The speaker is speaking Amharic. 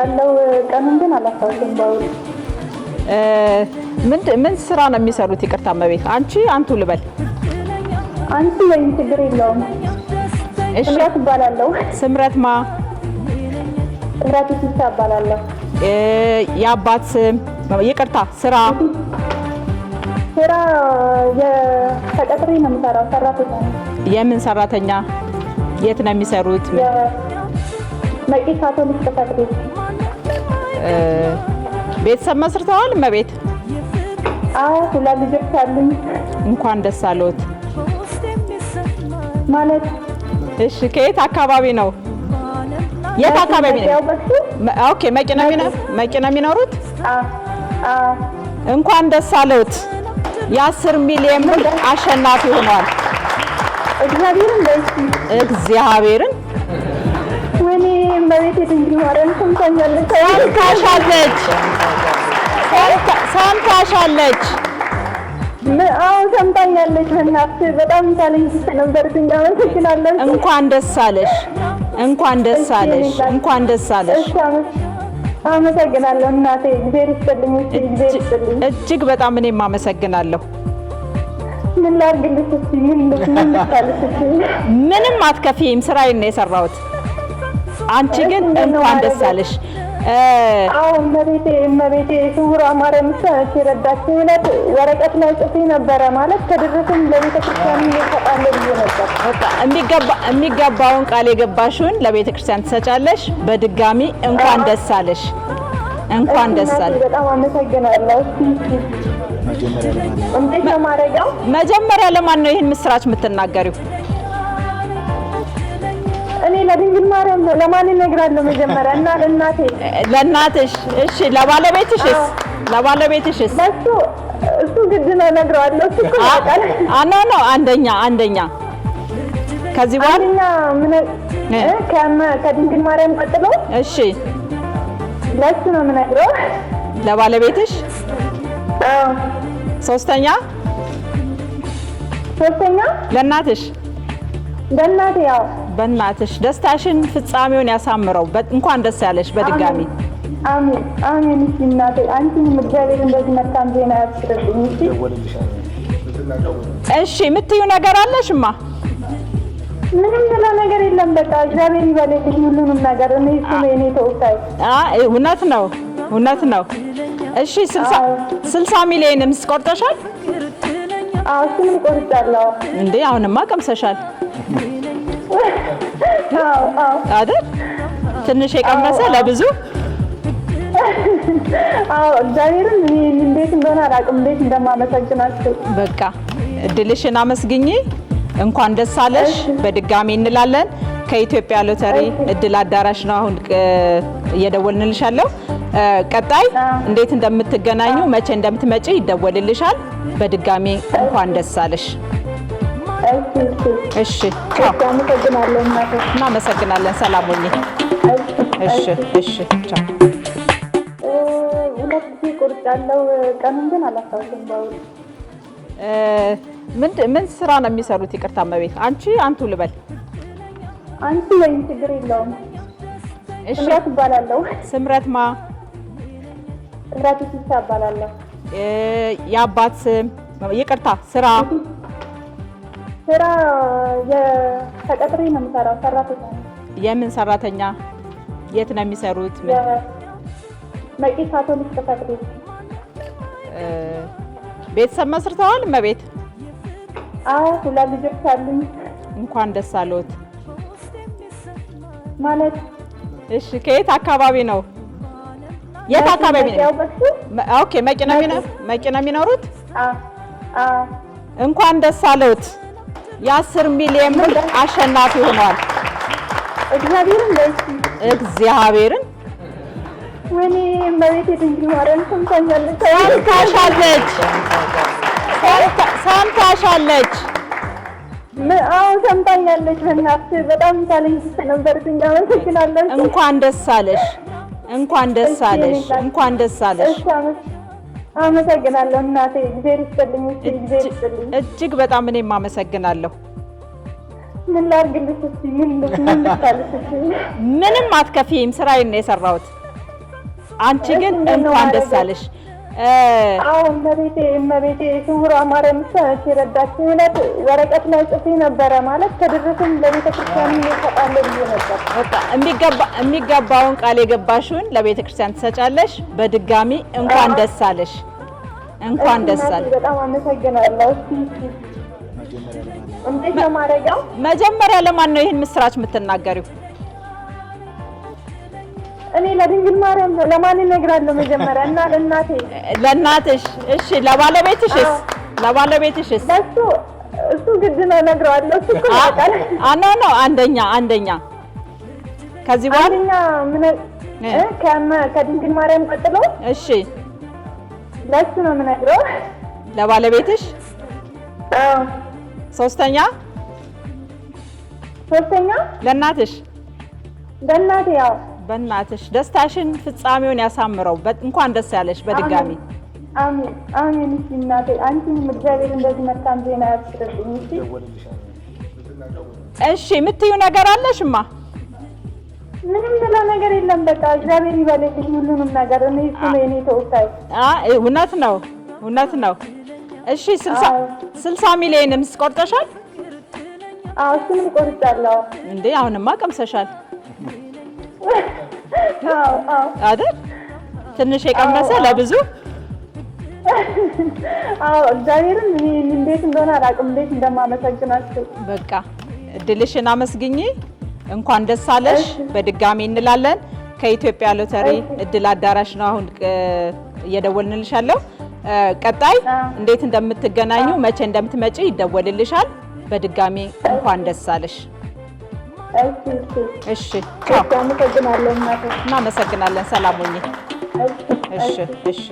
ያለው ቀኑን ግን አላስታውስም። በውል ምን ስራ ነው የሚሰሩት? ይቅርታ መቤት አንቺ አንቱ ልበል አንቺ ወይም ችግር የለውም። ስምረት እባላለሁ። ስምረት ማ ስምረት ፊታ እባላለሁ። የአባት ስም ይቅርታ ስራ ስራ ተቀጥሬ ነው የምሰራው። ሰራተኛ የምን ሰራተኛ? የት ነው የሚሰሩት? መቂ ካቶሊክ ተቀጥሬ ቤተሰብ መስርተዋል። እመቤት ሁለት ልጆች አሉኝ። እንኳን ደስ አለዎት ማለት እሺ። ከየት አካባቢ ነው? የት አካባቢ ነው? ኦኬ መቂና የሚኖሩት እንኳን ደስ አለዎት። የአስር ሚሊዮን ብር አሸናፊ ሆኗል። እግዚአብሔርን እመቤቴ ድንግል ማርያም ሰምታኛለች፣ ሰምታሻለች፣ ሰምታሻለች አዎ ሰምታኛለች። በጣም ታለኝ ነበር። እንኳን ደስ አለሽ፣ እንኳን ደስ አለሽ፣ እንኳን ደስ አለሽ። አመሰግናለሁ እናቴ፣ ይስጥልኝ፣ ይስጥልኝ። እጅግ በጣም እኔም አመሰግናለሁ። ምን ምንም አትከፊም፣ ስራዬን ነው የሰራሁት። አንቺ ግን እንኳን ደስ አለሽ። አዎ እመቤቴ እመቤቴ ስውር አማርያም የረዳች እውነት ወረቀት ላይ ጽፌ ነበረ ማለት ከድርስም ለቤተክርስቲያን ይሰጣለ ብዬ ነበር። የሚገባውን ቃል የገባሽውን ለቤተክርስቲያን ትሰጫለሽ። በድጋሚ እንኳን ደስ አለሽ፣ እንኳን ደስ አለሽ። በጣም አመሰግናለሁ። መጀመሪያ ለማን ነው ይህን ምስራች የምትናገሪው? እኔ ለድንግል ማርያም ነው። ለማን እነግራለሁ? መጀመሪያ እና ለእናቴ ለእናትሽ። እሺ፣ ለባለቤትሽስ? ለባለቤትሽስ? ለሱ እሱ ግድ ነው እነግረዋለሁ። እሱ እኮ ያውቃል። አና ነው አንደኛ አንደኛ ከዚህ በኋላ ከድንግል ማርያም ቀጥሎ እሺ፣ ለሱ ነው የምነግረው። ለባለቤትሽ? አዎ። ሶስተኛ ሶስተኛ ለእናትሽ ለእናቴ ያው በእናትሽ ደስታሽን ፍጻሜውን ያሳምረው። እንኳን ደስ ያለሽ በድጋሚ። አሜን አሜን። እሺ እናቴ፣ እግዚአብሔር እንደዚህ መልካም ዜና ያስረብኝ። እሺ የምትዩ ነገር አለሽማ? ምንም ብላ ነገር የለም። በቃ እግዚአብሔር ይበለጥሽ ሁሉንም ነገር። እኔ እሱ ተወካይ። እውነት ነው እውነት ነው። እሺ ስልሳ ምስ ቆርጠሻል? እሱንም ቆርጫለሁ። እንዴ አሁንማ ቀምሰሻል። አይደል? ትንሽ የቀመሰ ለብዙ አዎ፣ እግዚአብሔርን እንዴት እንደሆነ አላውቅም፣ እንዴት እንደማመሰግናቸው። በቃ እድልሽን አመስግኝ። እንኳን ደስ አለሽ በድጋሚ እንላለን። ከኢትዮጵያ ሎተሪ እድል አዳራሽ ነው አሁን እየደወልንልሻለሁ። ቀጣይ እንዴት እንደምትገናኙ መቼ እንደምትመጪ ይደወልልሻል። በድጋሚ እንኳን ደስ አለሽ። እሺ እናመሰግናለን። ሰላም ሆኜ እሺ፣ እሺ። ሁለት ሺህ ቁርጥ ቀኑን ግን አላስታውስም። ምን ስራ ነው የሚሰሩት? ይቅርታ መቤት አንቺ አንቱ ልበል አንቺ ወይም ችግር የለውም። ስምረት እባላለሁ። ስምረት ማ ስምረት ይባላለሁ። የአባት ስም ይቅርታ ስራ ስራ ተቀጥሬ ነው የምሰራው። ሰራተኛ የምን ሰራተኛ? የት ነው የሚሰሩት? መቄ ካቶሊክ ጽሕፈት ቤት። ቤተሰብ መስርተዋል? እመቤት። አዎ ሁለት ልጆች አሉኝ። እንኳን ደስ አለዎት ማለት እሺ። ከየት አካባቢ ነው? የት አካባቢ ነው? ኦኬ። መቄ ነው የሚኖሩት? እንኳን ደስ አለዎት። የአስር ሚሊዮን ብር አሸናፊ ሆኗል። እግዚአብሔርን እግዚአብሔርን ወኔ መቤት የድንግማረን ሰምታሻለች ሰምታሻለች ሰምታኛለች። በእናትህ በጣም ሳለች ነበር። አመሰግናለሁ። እንኳን ደስ አለሽ፣ እንኳን ደስ አለሽ፣ እንኳን ደስ አለሽ። አመሰግናለሁ እናቴ፣ እግዜር ይስጥልኝ። እግዜር ይስጥልኝ። እጅግ በጣም እኔም አመሰግናለሁ። ምን ላድርግልሽ? እስኪ ምን ልታልሽ? ምንም አትከፊም፣ ስራዬን ነው የሰራሁት። አንቺ ግን እንኳን ደስ አለሽ። እመቤቴ እመቤቴ ስውሯ ማርያም ምሳች የረዳች እውነት ወረቀት ላይ ጽፌ ነበረ ማለት ከድርስም ለቤተ ክርስቲያን ይሰጣለ ብዬ ነበር። የሚገባውን ቃል የገባሽውን ለቤተ ክርስቲያን ትሰጫለሽ። በድጋሚ እንኳን ደስ አለሽ፣ እንኳን ደስ አለሽ። በጣም አመሰግናለሁ። መጀመሪያ ለማን ነው ይህን ምስራች የምትናገሪው? እኔ ለድንግል ማርያም ነው። ለማን እነግራለሁ? መጀመሪያ እና ለእናቴ ለእናትሽ። እሺ፣ ለባለቤትሽስ? ለባለቤትሽስ? ለእሱ እሱ ግድ ነው እነግረዋለሁ። እሱ እኮ ያውቃል። አኖ ነው አንደኛ አንደኛ ከዚህ በኋላ አንደኛ ምን ከድንግል ማርያም ቀጥሎ እሺ፣ ለሱ ነው የምነግረው። ለባለቤትሽ? አዎ። ሶስተኛ ሶስተኛ ለእናትሽ ለእናቴ ያው በእናትሽ ደስታሽን ፍጻሜውን ያሳምረው። እንኳን ደስ ያለሽ በድጋሚ አሜን አሜን። እሺ እናቴ እግዚአብሔር እንደዚህ መልካም ዜና ያስረብኝ። እሺ እሺ፣ የምትዩ ነገር አለሽማ? ምንም ሌላ ነገር የለም። በቃ እግዚአብሔር ይበልልኝ ሁሉንም ነገር። እኔ እሱ ነው የኔ ተወካይ። እውነት ነው እውነት ነው። እሺ ስልሳ ሚሊዮንስ ቆርጠሻል? እሱንም ቆርጫለሁ። እንዴ አሁንማ ቀምሰሻል። አይደል? ትንሽ የቀመሰ ለብዙ አዎ፣ እግዚአብሔርን እንዴት እንደሆነ አላውቅም፣ እንዴት እንደማመሰግናችሁ። በቃ እድልሽን አመስግኝ። እንኳን ደስ አለሽ በድጋሚ እንላለን። ከኢትዮጵያ ሎተሪ እድል አዳራሽ ነው አሁን እየደወልንልሽ ቀጣይ እንዴት እንደምትገናኙ መቼ እንደምትመጪ ይደወልልሻል። በድጋሚ እንኳን ደስ አለሽ። እሺ፣ እናመሰግናለን። ሰላም ሁኚ። እሺ፣ እሺ።